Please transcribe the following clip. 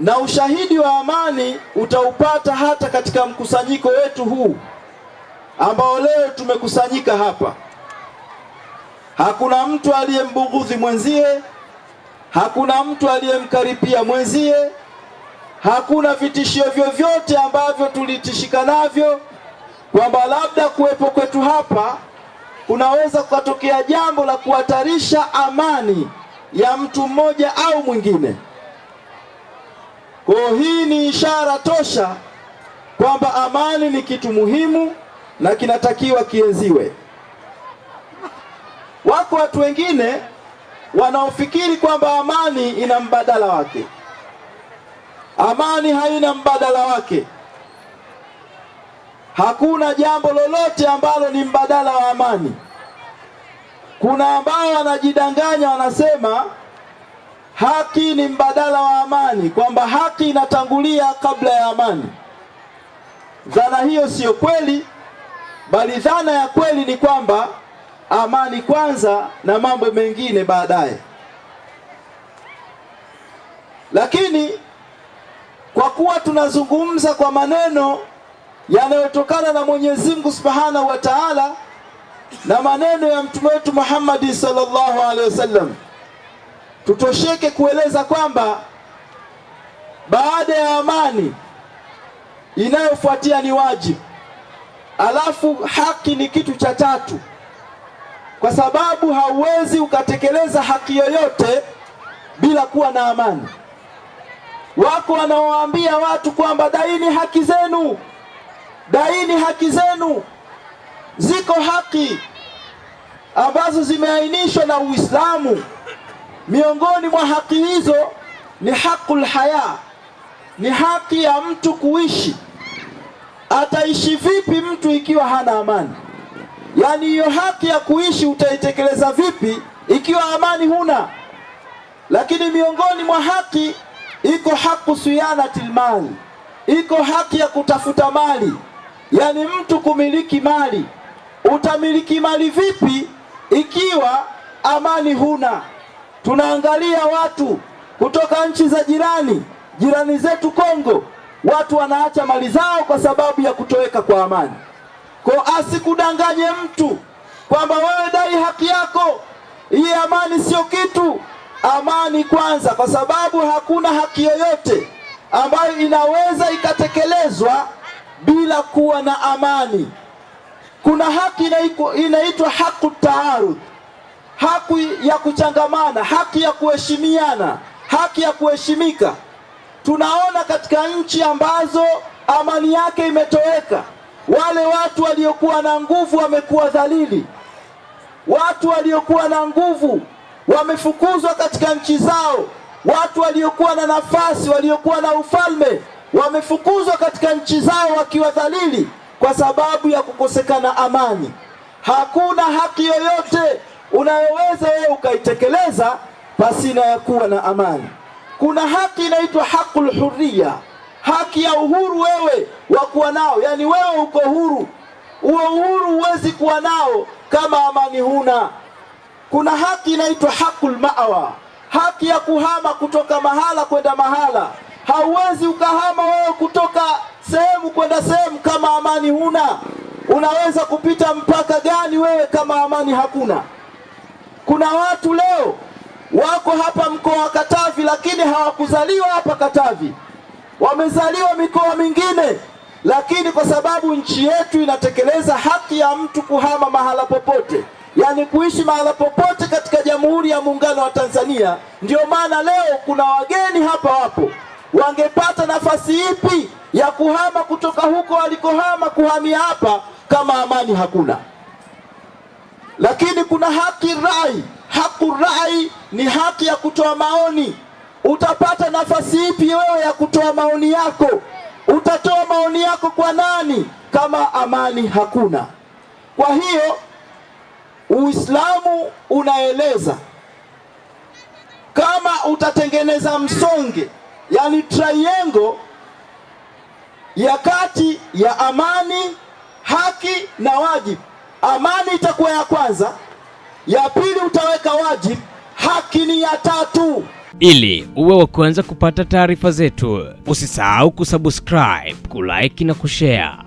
na ushahidi wa amani utaupata hata katika mkusanyiko wetu huu ambao leo tumekusanyika hapa. Hakuna mtu aliyembughudhi mwenzie, hakuna mtu aliyemkaripia mwenzie, hakuna vitishio vyovyote ambavyo tulitishika navyo kwamba labda kuwepo kwetu hapa kunaweza kukatokea jambo la kuhatarisha amani ya mtu mmoja au mwingine. Kwa hii ni ishara tosha kwamba amani ni kitu muhimu na kinatakiwa kienziwe. Wako watu wengine wanaofikiri kwamba amani ina mbadala wake. Amani haina mbadala wake. Hakuna jambo lolote ambalo ni mbadala wa amani. Kuna ambao wanajidanganya wanasema haki ni mbadala wa amani, kwamba haki inatangulia kabla ya amani. Dhana hiyo siyo kweli, bali dhana ya kweli ni kwamba amani kwanza na mambo mengine baadaye. Lakini kwa kuwa tunazungumza kwa maneno yanayotokana na Mwenyezi Mungu Subhanahu wa Ta'ala na maneno ya mtume wetu Muhammad sallallahu alaihi wasallam Tutosheke kueleza kwamba baada ya amani inayofuatia ni wajibu, alafu haki ni kitu cha tatu, kwa sababu hauwezi ukatekeleza haki yoyote bila kuwa na amani. Wako wanaoambia watu kwamba daini haki zenu, daini haki zenu. Ziko haki ambazo zimeainishwa na Uislamu Miongoni mwa haki hizo ni haku haya, ni haki ya mtu kuishi. Ataishi vipi mtu ikiwa hana amani? Yaani hiyo haki ya kuishi utaitekeleza vipi ikiwa amani huna? Lakini miongoni mwa haki iko haku siyanatil mali, iko haki ya kutafuta mali, yaani mtu kumiliki mali. Utamiliki mali vipi ikiwa amani huna? tunaangalia watu kutoka nchi za jirani, jirani zetu Kongo, watu wanaacha mali zao kwa sababu ya kutoweka kwa amani. Kwa asikudanganye mtu kwamba wewe dai haki yako, hii amani sio kitu. Amani kwanza, kwa sababu hakuna haki yoyote ambayo inaweza ikatekelezwa bila kuwa na amani. Kuna haki inaitwa haku taarudh haki ya kuchangamana, haki ya kuheshimiana, haki ya kuheshimika. Tunaona katika nchi ambazo amani yake imetoweka, wale watu waliokuwa na nguvu wamekuwa dhalili, watu waliokuwa na nguvu wamefukuzwa katika nchi zao, watu waliokuwa na nafasi, waliokuwa na ufalme wamefukuzwa katika nchi zao wakiwa dhalili, kwa sababu ya kukosekana amani. Hakuna haki yoyote unayoweza wewe ukaitekeleza pasina ya kuwa na amani. Kuna haki inaitwa hakul hurriya, haki ya uhuru wewe wa kuwa nao, yaani wewe uko huru. Uwe uhuru huwezi kuwa nao kama amani huna. Kuna haki inaitwa hakul maawa, haki ya kuhama kutoka mahala kwenda mahala. Hauwezi ukahama wewe kutoka sehemu kwenda sehemu kama amani huna. Unaweza kupita mpaka gani wewe kama amani hakuna? Kuna watu leo wako hapa mkoa wa Katavi, lakini hawakuzaliwa hapa Katavi, wamezaliwa mikoa mingine, lakini kwa sababu nchi yetu inatekeleza haki ya mtu kuhama mahala popote, yaani kuishi mahala popote katika Jamhuri ya Muungano wa Tanzania, ndio maana leo kuna wageni hapa wapo wangepata nafasi ipi ya kuhama kutoka huko walikohama kuhamia hapa kama amani hakuna? Lakini kuna haki rai. Haku rai ni haki ya kutoa maoni. Utapata nafasi ipi wewe ya kutoa maoni yako? Utatoa maoni yako kwa nani kama amani hakuna? Kwa hiyo Uislamu unaeleza kama utatengeneza msonge, yani triangle ya kati ya amani, haki na wajibu amani itakuwa ya kwanza, ya pili utaweka wajibu, haki ni ya tatu. Ili uwe wa kwanza kupata taarifa zetu, usisahau kusubscribe, kulike na kushare.